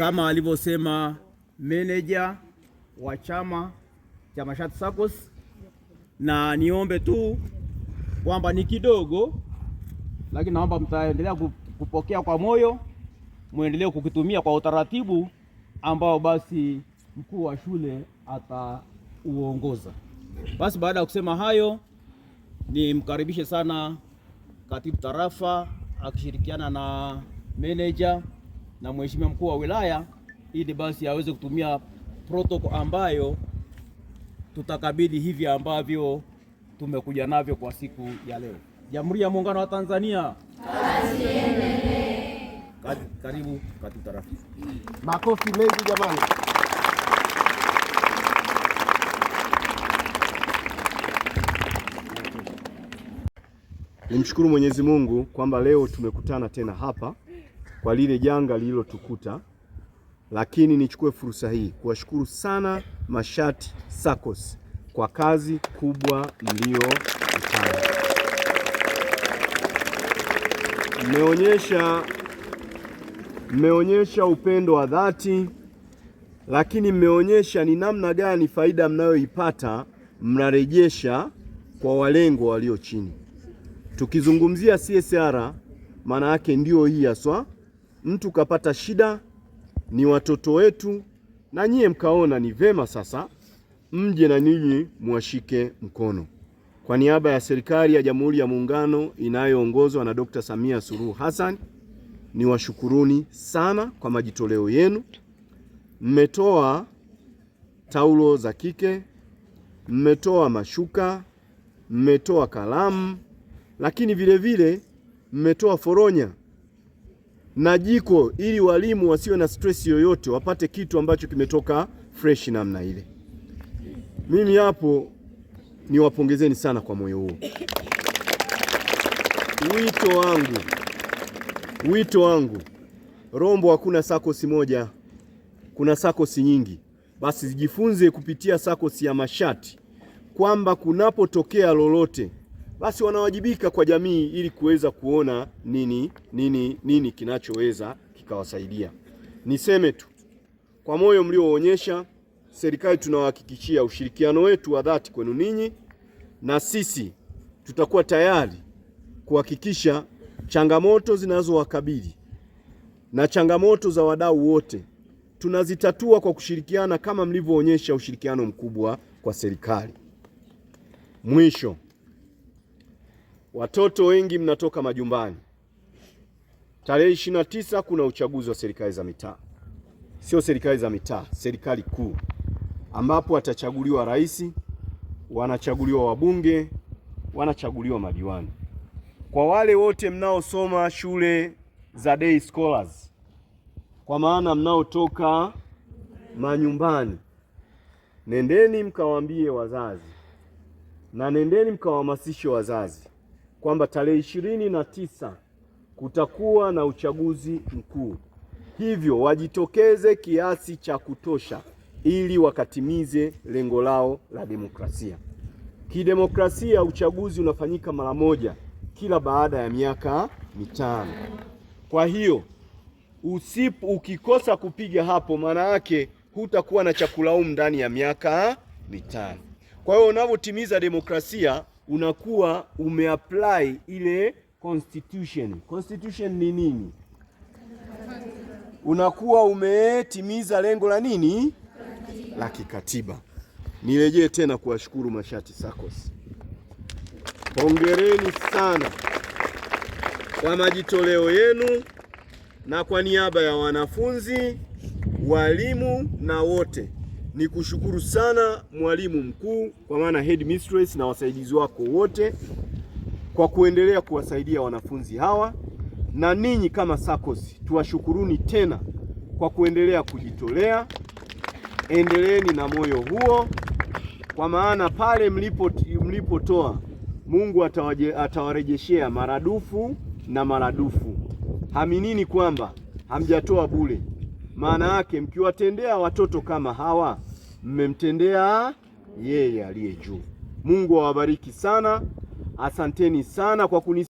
kama alivyosema meneja wa chama cha Mashati SACCOS, na niombe tu kwamba ni kidogo, lakini naomba mtaendelea kupokea kwa moyo, muendelee kukitumia kwa utaratibu ambao basi mkuu wa shule atauongoza. Basi baada ya kusema hayo, nimkaribishe sana katibu tarafa akishirikiana na meneja na mheshimiwa mkuu wa wilaya ili basi aweze kutumia protoko ambayo tutakabidhi hivi ambavyo tumekuja navyo kwa siku ya leo. Jamhuri ya Muungano wa Tanzania. Karibu katika rafiki. Makofi mengi jamani. Nimshukuru Mwenyezi Mungu kwamba leo tumekutana tena hapa kwa lile janga lililotukuta, lakini nichukue fursa hii kuwashukuru sana Mashati SACCOS kwa kazi kubwa mliyoifanya. Mmeonyesha mmeonyesha upendo wa dhati, lakini mmeonyesha ni namna gani faida mnayoipata mnarejesha kwa walengwa walio chini. Tukizungumzia CSR maana yake ndio hii haswa mtu kapata shida, ni watoto wetu, na nyie mkaona ni vema sasa mje na ninyi mwashike mkono. Kwa niaba ya serikali ya Jamhuri ya Muungano inayoongozwa na Dr. Samia Suluhu Hassan, ni washukuruni sana kwa majitoleo yenu. Mmetoa taulo za kike, mmetoa mashuka, mmetoa kalamu, lakini vile vile mmetoa foronya na jiko ili walimu wasiwe na stress yoyote, wapate kitu ambacho kimetoka fresh namna ile. Mimi hapo niwapongezeni sana kwa moyo huo. Wito wangu, wito wangu, Rombo hakuna sakosi moja, kuna sakosi nyingi. Basi zijifunze kupitia sakosi ya Mashati kwamba kunapotokea lolote basi wanawajibika kwa jamii ili kuweza kuona nini, nini, nini kinachoweza kikawasaidia. Niseme tu kwa moyo mlioonyesha, serikali tunawahakikishia ushirikiano wetu wa dhati kwenu ninyi, na sisi tutakuwa tayari kuhakikisha changamoto zinazowakabili na changamoto za wadau wote tunazitatua kwa kushirikiana kama mlivyoonyesha ushirikiano mkubwa kwa serikali. Mwisho Watoto wengi mnatoka majumbani. Tarehe ishirini na tisa kuna uchaguzi wa serikali za mitaa, sio serikali za mitaa, serikali kuu, ambapo watachaguliwa rais, wanachaguliwa wabunge, wanachaguliwa madiwani. Kwa wale wote mnaosoma shule za day scholars, kwa maana mnaotoka manyumbani, nendeni mkawaambie wazazi na nendeni mkawahamasishe wazazi kwamba tarehe ishirini na tisa kutakuwa na uchaguzi mkuu, hivyo wajitokeze kiasi cha kutosha ili wakatimize lengo lao la demokrasia. Kidemokrasia, uchaguzi unafanyika mara moja kila baada ya miaka mitano. Kwa hiyo usipo ukikosa kupiga hapo, maana yake hutakuwa na cha kulaumu ndani ya miaka mitano. Kwa hiyo unavyotimiza demokrasia unakuwa umeapply ile constitution. Constitution ni nini? Unakuwa umetimiza lengo la nini la kikatiba. Nirejee tena kuwashukuru Mashati SACCOS, hongereni sana kwa majitoleo yenu, na kwa niaba ya wanafunzi, walimu na wote ni kushukuru sana mwalimu mkuu kwa maana head mistress na wasaidizi wako wote kwa kuendelea kuwasaidia wanafunzi hawa, na ninyi kama SACCOS tuwashukuruni tena kwa kuendelea kujitolea. Endeleeni na moyo huo, kwa maana pale mlipo mlipotoa Mungu atawaje, atawarejeshea maradufu na maradufu. haminini kwamba hamjatoa bure. Maana yake mkiwatendea watoto kama hawa, mmemtendea yeye aliye juu. Mungu awabariki sana. Asanteni sana kwa kuni